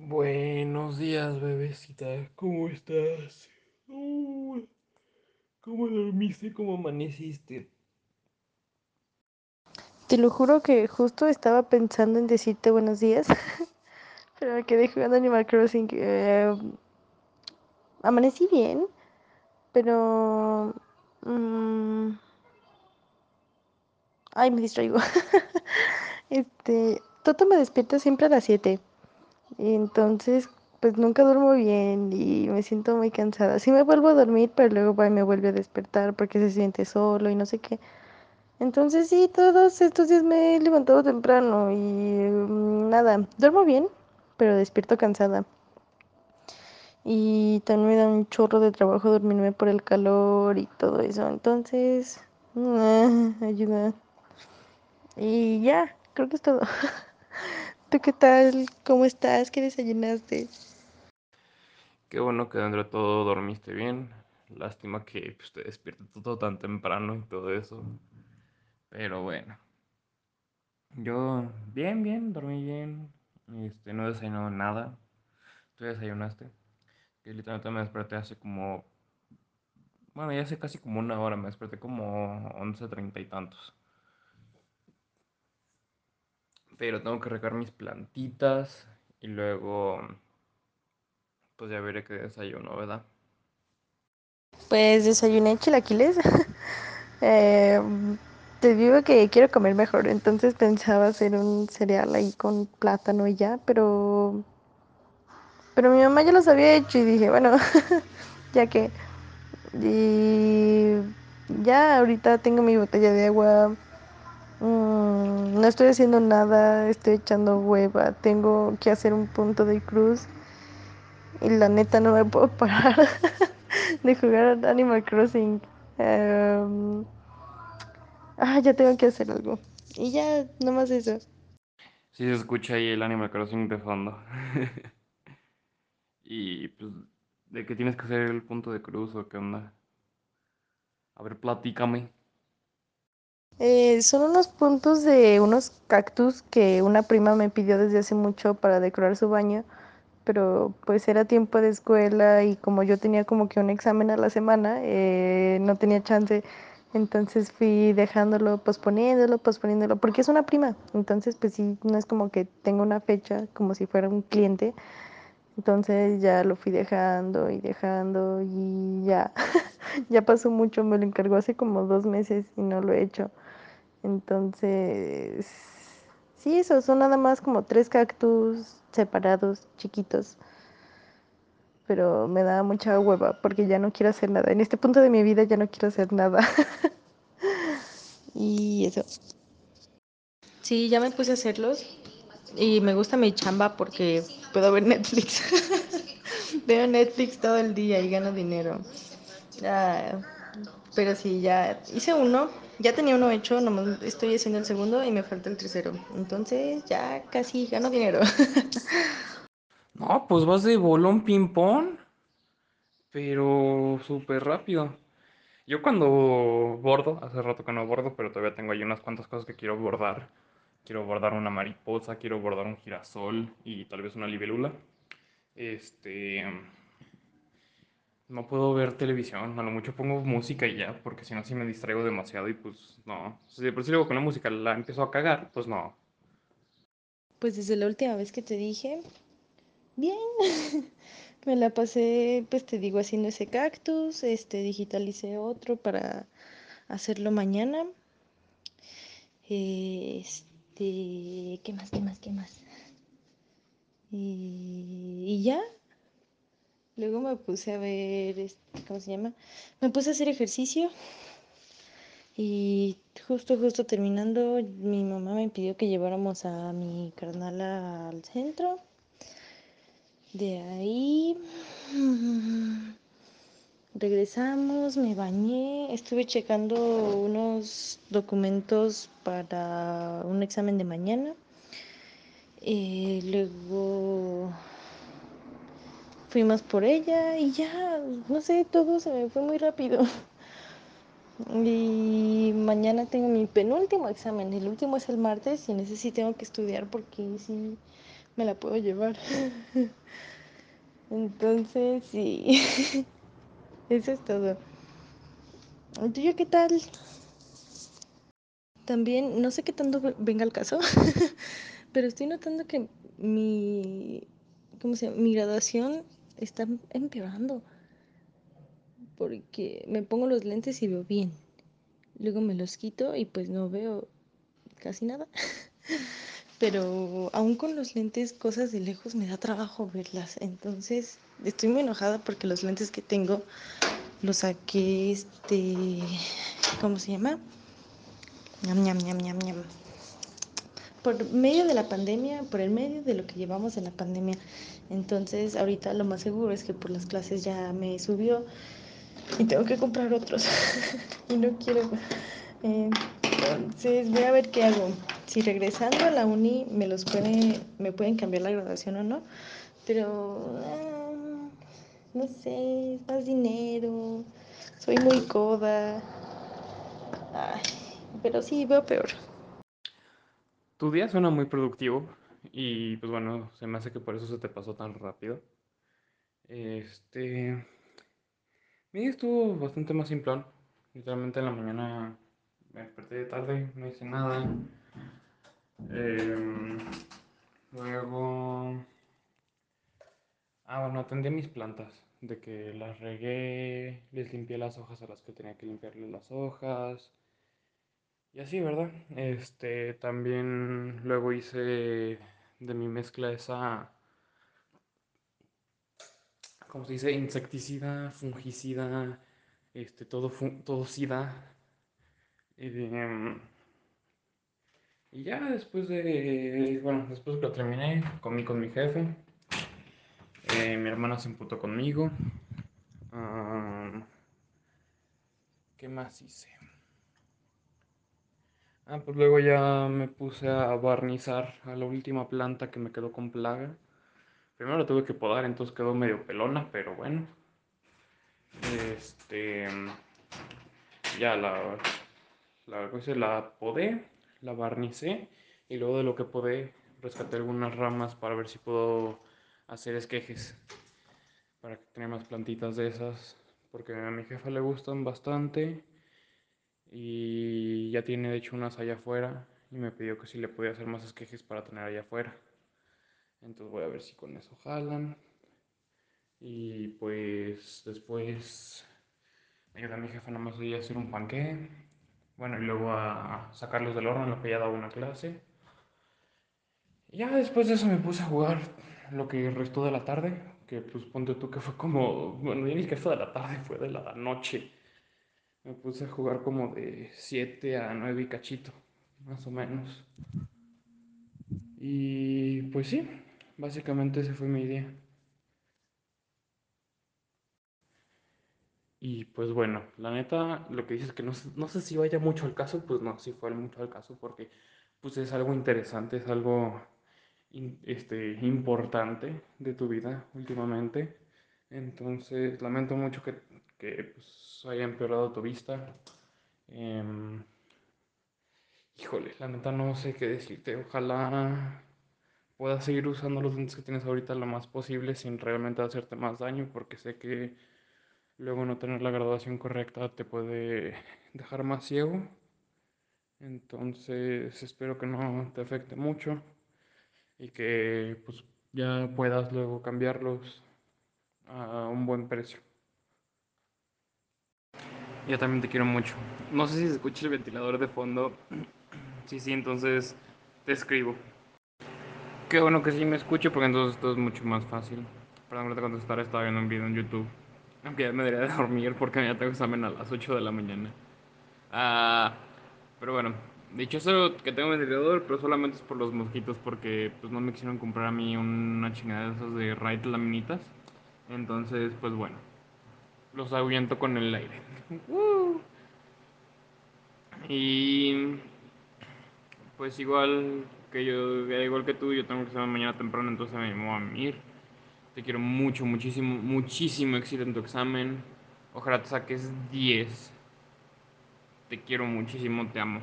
Buenos días, bebecita. ¿Cómo estás? ¿Cómo dormiste? ¿Cómo amaneciste? Te lo juro que justo estaba pensando en decirte buenos días, pero me quedé jugando Animal Crossing. Eh, amanecí bien, pero... Mm, ay, me distraigo. este, Toto me despierta siempre a las 7 y entonces, pues nunca duermo bien y me siento muy cansada. Sí me vuelvo a dormir, pero luego me vuelve a despertar porque se siente solo y no sé qué. Entonces sí, todos estos días me he levantado temprano y mm, nada, duermo bien, pero despierto cansada. Y también me da un chorro de trabajo dormirme por el calor y todo eso. Entonces, ah, ayuda. Y ya, creo que es todo. ¿Tú qué tal? ¿Cómo estás? ¿Qué desayunaste? Qué bueno que dentro de todo dormiste bien. Lástima que pues, te todo tan temprano y todo eso. Pero bueno. Yo, bien, bien, dormí bien. Este, no desayunado nada. ¿Tú desayunaste? Que literalmente me desperté hace como. Bueno, ya hace casi como una hora. Me desperté como 11.30 y tantos pero tengo que regar mis plantitas y luego pues ya veré qué desayuno, ¿verdad? Pues desayuné chilaquiles. Aquiles. Eh, te digo que quiero comer mejor, entonces pensaba hacer un cereal ahí con plátano y ya, pero pero mi mamá ya los había hecho y dije, bueno, ya que y ya ahorita tengo mi botella de agua Mm, no estoy haciendo nada, estoy echando hueva, tengo que hacer un punto de cruz y la neta no me puedo parar de jugar Animal Crossing. Em, ah, ya tengo que hacer algo. Y ya, nomás eso. Sí, se escucha ahí el Animal Crossing de fondo. y pues, ¿de qué tienes que hacer el punto de cruz o qué onda? A ver, platícame. Eh, son unos puntos de unos cactus que una prima me pidió desde hace mucho para decorar su baño, pero pues era tiempo de escuela y como yo tenía como que un examen a la semana, eh, no tenía chance. Entonces fui dejándolo, posponiéndolo, posponiéndolo, porque es una prima. Entonces pues sí, no es como que tenga una fecha como si fuera un cliente. Entonces ya lo fui dejando y dejando y ya. ya pasó mucho, me lo encargó hace como dos meses y no lo he hecho. Entonces, sí, eso, son nada más como tres cactus separados, chiquitos. Pero me da mucha hueva porque ya no quiero hacer nada. En este punto de mi vida ya no quiero hacer nada. y eso. Sí, ya me puse a hacerlos y me gusta mi chamba porque puedo ver Netflix. Veo Netflix todo el día y gano dinero pero sí, ya hice uno, ya tenía uno hecho, nomás estoy haciendo el segundo y me falta el tercero. Entonces ya casi gano dinero. no, pues vas de bolón ping-pong, pero súper rápido. Yo cuando bordo, hace rato que no bordo, pero todavía tengo ahí unas cuantas cosas que quiero bordar. Quiero bordar una mariposa, quiero bordar un girasol y tal vez una libélula. Este no puedo ver televisión, a lo mucho pongo música y ya, porque si no, si me distraigo demasiado y pues no. Si por sí luego con la música la empiezo a cagar, pues no. Pues desde la última vez que te dije, bien, me la pasé, pues te digo, haciendo ese cactus, este, digitalicé otro para hacerlo mañana. Este, ¿qué más, qué más, qué más? y, y ya, Luego me puse a ver, este, ¿cómo se llama? Me puse a hacer ejercicio y justo, justo terminando, mi mamá me pidió que lleváramos a mi carnal al centro. De ahí mm, regresamos, me bañé, estuve checando unos documentos para un examen de mañana. Eh, luego Fui más por ella y ya, no sé, todo se me fue muy rápido. Y mañana tengo mi penúltimo examen, el último es el martes y en ese sí tengo que estudiar porque sí me la puedo llevar. Entonces, sí, eso es todo. qué tal? También, no sé qué tanto venga el caso, pero estoy notando que mi, ¿cómo se llama? Mi graduación está empeorando. Porque me pongo los lentes y veo bien. Luego me los quito y pues no veo casi nada. Pero aún con los lentes, cosas de lejos me da trabajo verlas. Entonces estoy muy enojada porque los lentes que tengo los saqué este. ¿Cómo se llama? por medio de la pandemia, por el medio de lo que llevamos en la pandemia. Entonces, ahorita lo más seguro es que por las clases ya me subió y tengo que comprar otros. y no quiero. Eh, entonces, voy a ver qué hago. Si regresando a la uni me los puede, me pueden cambiar la graduación o no, pero ah, no sé, más dinero. Soy muy coda. pero sí, veo peor. Tu día suena muy productivo y pues bueno, se me hace que por eso se te pasó tan rápido. Este... Mi día estuvo bastante más simplón. Literalmente en la mañana me desperté de tarde, no hice nada. Em, luego... Ah, bueno, atendí mis plantas. De que las regué, les limpié las hojas a las que tenía que limpiarle las hojas. Y así, ¿verdad? Este, también luego hice de mi mezcla esa, ¿cómo se dice? Insecticida, fungicida, este, todo, sida. Em, y ya después de, bueno, después que lo terminé, comí con mi jefe. Eh, mi hermana se imputó conmigo. Ah, ¿Qué más hice? Ah, pues luego ya me puse a barnizar a la última planta que me quedó con plaga. Primero la tuve que podar, entonces quedó medio pelona, pero bueno. Este. Ya la. La, la podé, la barnicé. Y luego de lo que podé, rescaté algunas ramas para ver si puedo hacer esquejes. Para tener más plantitas de esas. Porque a mi jefa le gustan bastante y ya tiene de hecho unas allá afuera y me pidió que si le podía hacer más esquejes para tener allá afuera. Entonces voy a ver si con eso jalan. Y pues después me ayuda mi jefa nada más a hacer un panqué. Bueno, y luego a sacarlos del horno en lo que ya daba una clase. ya después de eso me puse a jugar lo que restó de la tarde. Que pues ponte tú que fue como, bueno, ya ni que fue de la tarde, fue de la noche me puse a jugar como de 7 a 9 y cachito, más o menos. Y pues sí, básicamente ese fue mi día. Y pues bueno, la neta, lo que dices es que no, sé si vaya mucho al caso, pues no, si fue mucho al caso porque pues es algo interesante, es algo este, importante de tu vida últimamente. Entonces, lamento mucho que que pues, haya empeorado tu vista. Em, híjole, la neta no sé qué decirte. Ojalá puedas seguir usando los lentes que tienes ahorita lo más posible sin realmente hacerte más daño, porque sé que luego no tener la graduación correcta te puede dejar más ciego. Entonces espero que no te afecte mucho y que pues ya puedas luego cambiarlos a un buen precio. Yo también te quiero mucho. No sé si se escucha el ventilador de fondo. Sí, sí, entonces te escribo. Qué bueno que sí me escucho porque entonces esto es mucho más fácil. Perdón, no te contestar, estaba viendo un video en YouTube. Aunque ya me debería de dormir porque ya tengo examen a las 8 de la mañana. Ah, pero bueno, dicho eso, que tengo ventilador, pero solamente es por los mosquitos porque pues no me quisieron comprar a mí una chingada de esas de raid laminitas. Entonces, pues bueno los ahuyento con el aire. Uh. Y pues igual que yo, eh, igual que tú, yo tengo que salir mañana temprano, entonces me voy a ir. Te quiero mucho, muchísimo, muchísimo éxito en tu examen. Ojalá te saques 10. Te quiero muchísimo, te amo.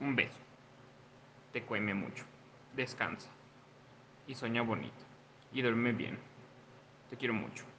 Un beso. Te cueme mucho. Descansa. Y sueña bonito. Y duerme bien. Te quiero mucho.